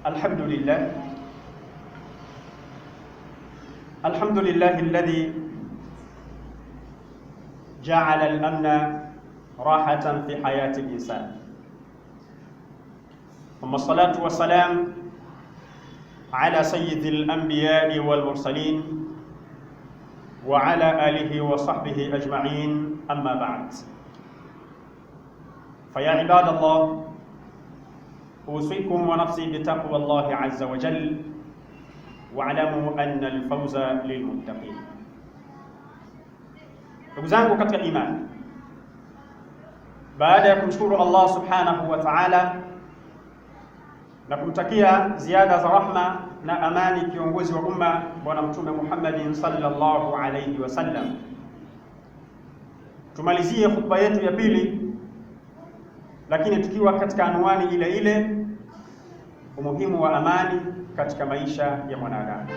الحمد لله الحمد لله الذي جعل الأمن راحة في حياة الإنسان ثم الصلاة والسلام على سيد الأنبياء والمرسلين وعلى آله وصحبه أجمعين أما بعد فيا عباد الله أوصيكم ونفسي بتقوى الله عز وجل وعلموا أن الفوز للمتقين أجزانكم كتب الإيمان بعد أن شكر الله سبحانه وتعالى نكمتكيا زيادة رحمة نأماني كيونغوز وأمة ونمتم محمد صلى الله عليه وسلم تماليزية خطبيات يبيلي lakini tukiwa katika anwani ile ile, umuhimu wa amani katika maisha ya mwanadamu.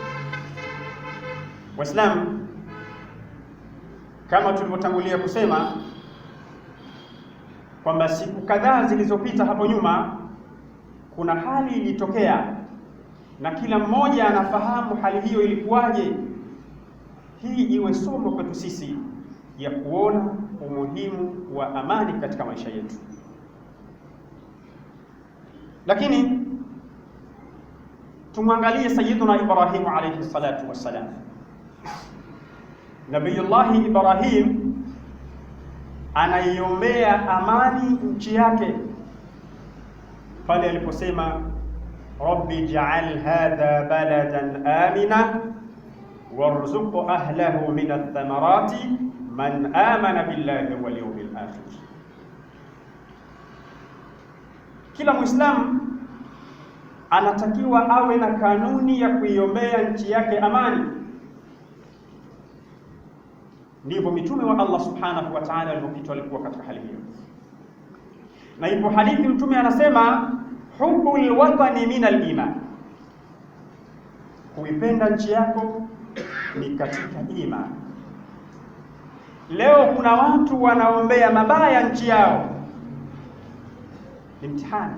Waislamu, kama tulivyotangulia kusema kwamba siku kadhaa zilizopita hapo nyuma, kuna hali ilitokea na kila mmoja anafahamu hali hiyo ilikuwaje. Hii iwe somo kwetu sisi ya kuona umuhimu wa amani katika maisha yetu. Lakini tumwangalie Sayyiduna Ibrahimu alayhi salatu wassalam. Nabiyullahi Ibrahim anaiombea amani nchi yake pale aliposema rabbi ja'al hadha baladan amina warzuq ahlahu min ath-thamarati man amana billahi wal yawmil akhir kila Mwislamu anatakiwa awe na kanuni ya kuiombea nchi yake amani. Ndivyo mitume wa Allah subhanahu wa ta'ala walipopita walikuwa katika hali hiyo, na ipo hadithi mtume anasema hubbul watani minal iman, kuipenda nchi yako ni katika imani. Leo kuna watu wanaombea mabaya nchi yao ni mtihani.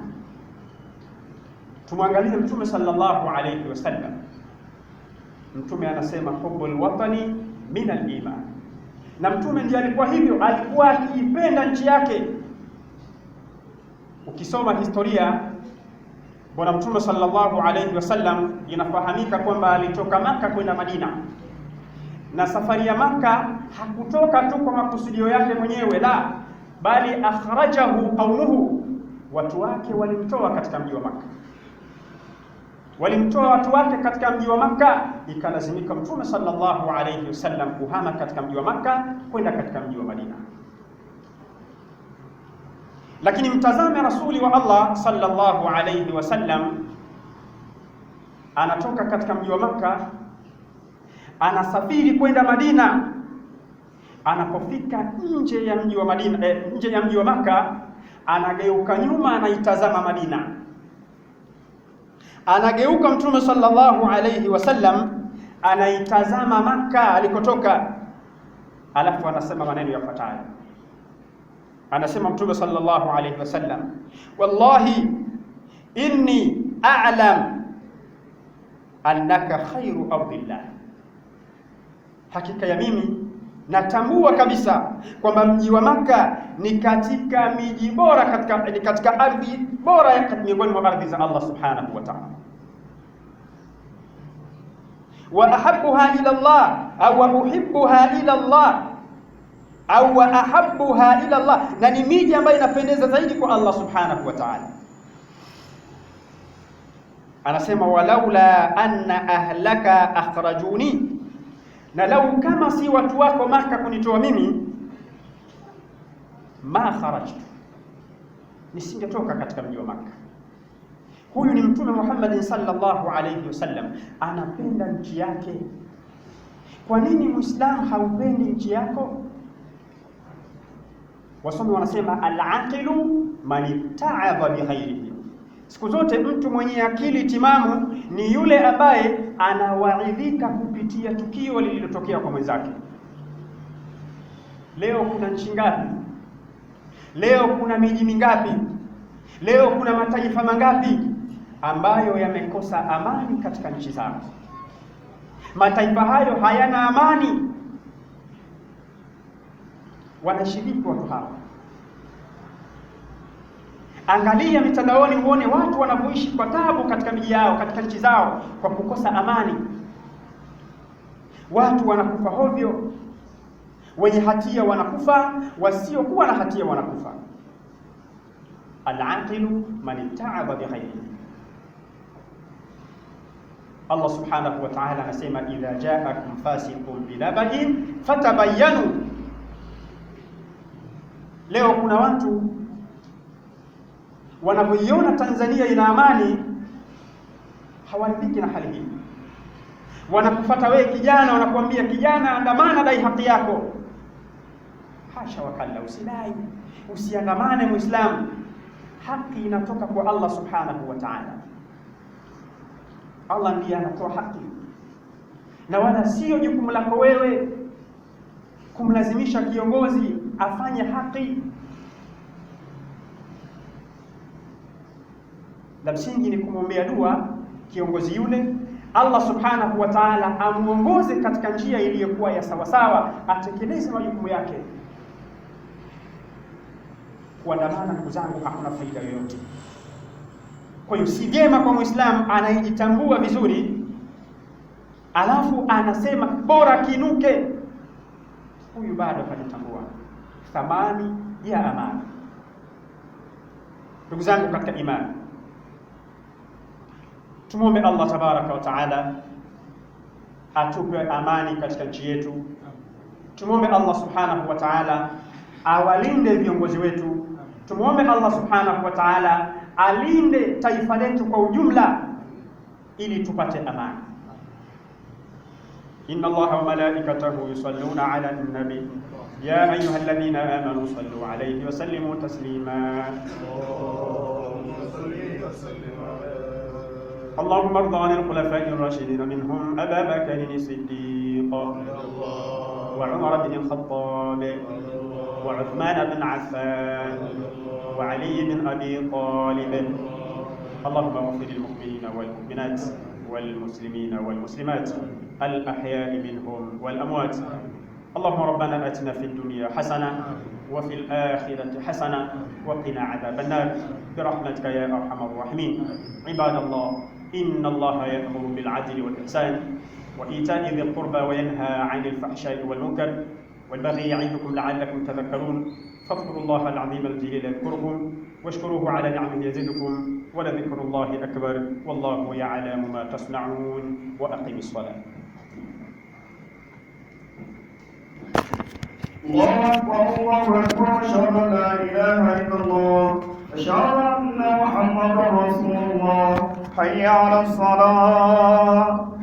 Tumwangalie Mtume sallallahu alayhi wasallam. Mtume anasema hubbul watani min al-iman, na Mtume ndiye alikuwa hivyo, alikuwa akiipenda nchi yake. Ukisoma historia bwana Mtume sallallahu alayhi wasallam, inafahamika kwamba alitoka Maka kwenda Madina na safari ya Maka hakutoka tu kwa makusudio yake mwenyewe, la bali akhrajahu qaumuhu watu wake walimtoa katika mji wa Makka, walimtoa watu wake katika mji wa Makka, ikalazimika Mtume sallallahu alayhi wasallam kuhama katika mji wa Makka kwenda katika mji wa Madina. Lakini mtazame rasuli wa Allah sallallahu alayhi wasallam anatoka katika mji wa Makka anasafiri kwenda Madina. Anapofika nje ya mji wa Madina, eh, nje ya mji wa Makka anageuka nyuma, anaitazama Madina, anageuka Mtume sallallahu alayhi wasallam anaitazama Makka alikotoka, alafu anasema maneno yafuatayo. Anasema Mtume sallallahu alayhi wasallam, wallahi inni a'lam annaka khairu ardillah, hakika ya mimi Natambua kabisa kwamba mji wa Maka ni katika miji bora katika, ni katika ardhi bora miongoni mwa ardhi za Allah subhanahu wa ta'ala. wa ahabbuha ila Allah au wa uhibbuha ila Allah au wa ahabbuha ila Allah, na ni miji ambayo inapendeza zaidi kwa Allah subhanahu wa ta'ala. Anasema walaula anna ahlaka akhrajuni na lau kama si watu wako Maka kunitoa mimi, ma kharajtu, nisingetoka katika mji wa Maka. Huyu ni Mtume Muhammad sallallahu alayhi wasallam, anapenda nchi yake. Kwa nini Muislamu haupendi nchi yako? Wasomi wanasema al-aqilu man ta'aba bi ghairihi Siku zote mtu mwenye akili timamu ni yule ambaye anawaridhika kupitia tukio lililotokea kwa mwenzake. Leo kuna nchi ngapi? Leo kuna miji mingapi? Leo kuna mataifa mangapi ambayo yamekosa amani katika nchi zao? Mataifa hayo hayana amani, wanashiriki watu hawa Angalia mitandaoni uone watu wanavyoishi kwa tabu katika miji yao, katika nchi zao, kwa kukosa amani. Watu wanakufa hovyo, wenye hatia wanakufa, wasiokuwa na hatia wanakufa. Alaqilu man taaba bighairihi. Allah subhanahu wa ta'ala anasema idha ja'akum fasiqun binabain fatabayanu. Leo kuna watu wanavyoiona Tanzania ina amani hawaridhiki na hali hii. Wanakufuata wewe kijana, wanakuambia kijana, andamana, dai haki yako. Hasha wakalla, usidai, usiandamane Muislamu. Haki inatoka kwa Allah subhanahu wa ta'ala. Allah ndiye anatoa haki, na wala sio jukumu lako wewe kumlazimisha kiongozi afanye haki. La msingi ni kumwombea dua kiongozi yule, Allah subhanahu wa ta'ala amuongoze katika njia iliyokuwa ya sawasawa, atekeleze majukumu yake. Kwa ndugu zangu, hakuna faida yoyote. Kwa hiyo si vyema kwa Muislamu anayejitambua vizuri alafu anasema bora kinuke. Huyu bado hajatambua thamani ya amani, ndugu zangu katika imani. Tumwombe Allah tabaraka wa taala atupe amani katika nchi yetu. Tumwombe Allah subhanahu wa taala awalinde viongozi wetu. Tumwombe Allah subhanahu wa taala alinde taifa letu kwa ujumla, ili tupate amani. Inna Allaha wa malaikatahu yusalluna ala nabi ya ayuha alladhina amanu sallu alayhi wa sallimu taslima. اللهم ارض عن الخلفاء الراشدين منهم أبا بكر الصديق وعمر بن الخطاب وعثمان بن عفان وعلي بن أبي طالب اللهم اغفر للمؤمنين والمؤمنات والمسلمين والمسلمات الأحياء منهم والأموات اللهم ربنا آتنا في الدنيا حسنة وفي الآخرة حسنة وقنا عذاب النار برحمتك يا أرحم الراحمين عباد الله إن الله يأمر بالعدل والإحسان وإيتاء ذي القربى وينهى عن الفحشاء والمنكر والبغي يعظكم لعلكم تذكرون فاذكروا الله العظيم الجليل يذكركم واشكروه على نعمه يزدكم ولذكر الله أكبر والله يعلم ما تصنعون وأقم الصلاة الله أكبر الله أكبر أشهد أن لا إله إلا الله أشهد أن محمدا رسول الله حي على الصلاة